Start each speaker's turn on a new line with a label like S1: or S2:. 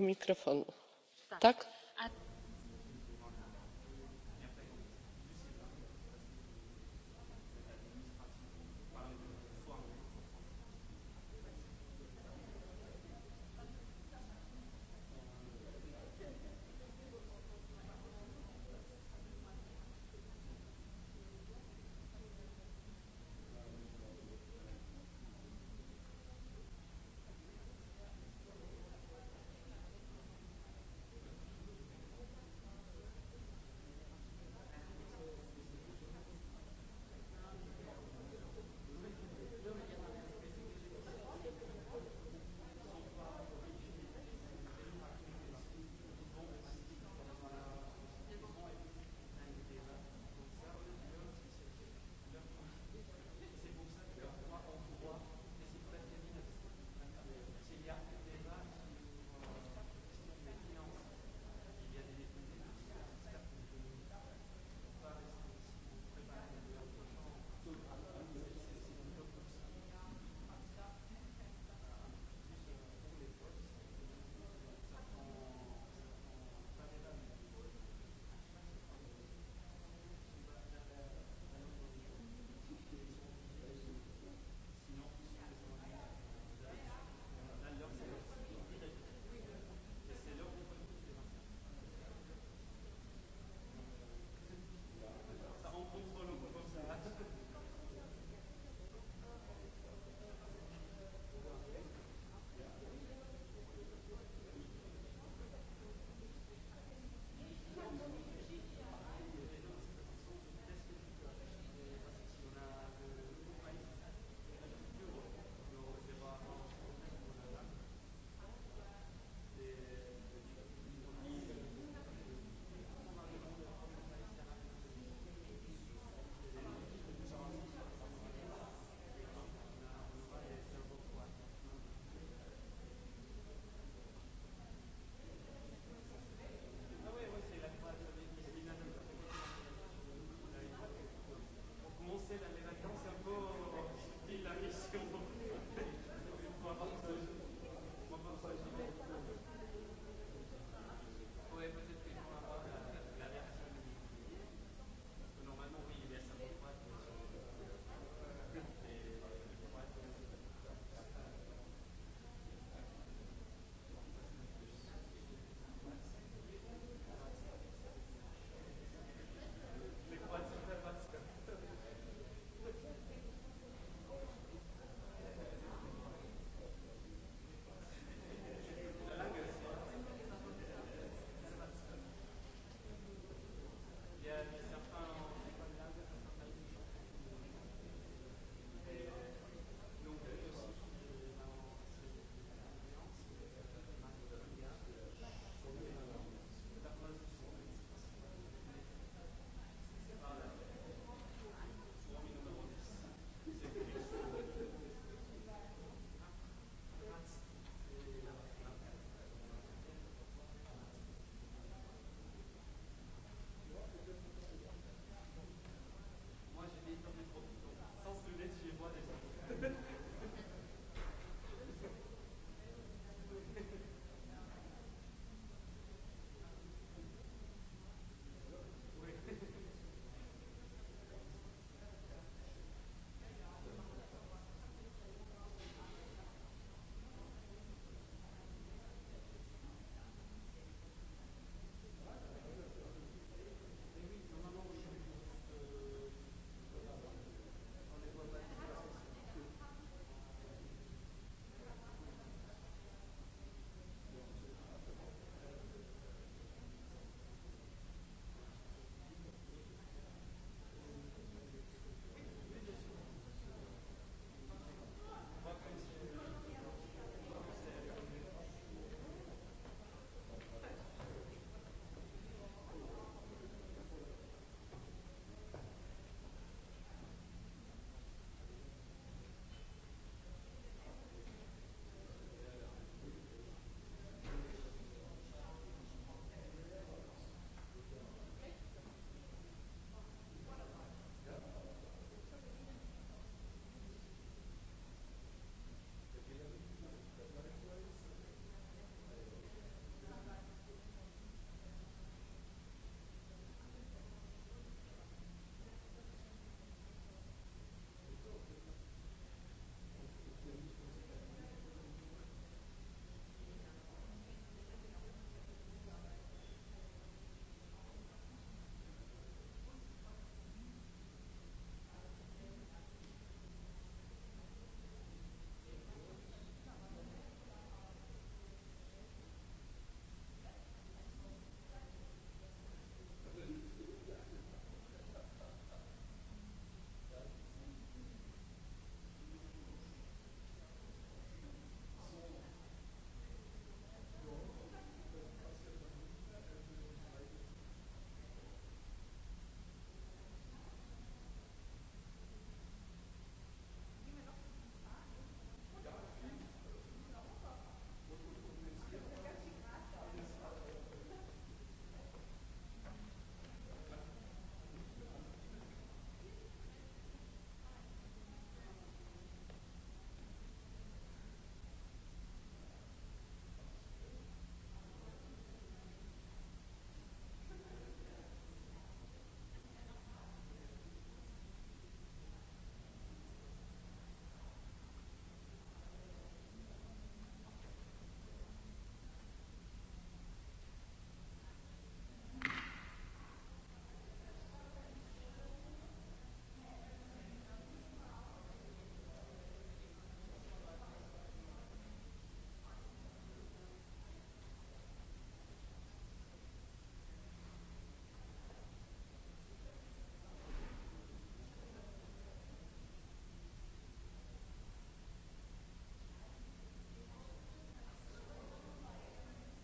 S1: mikrofonu. tak?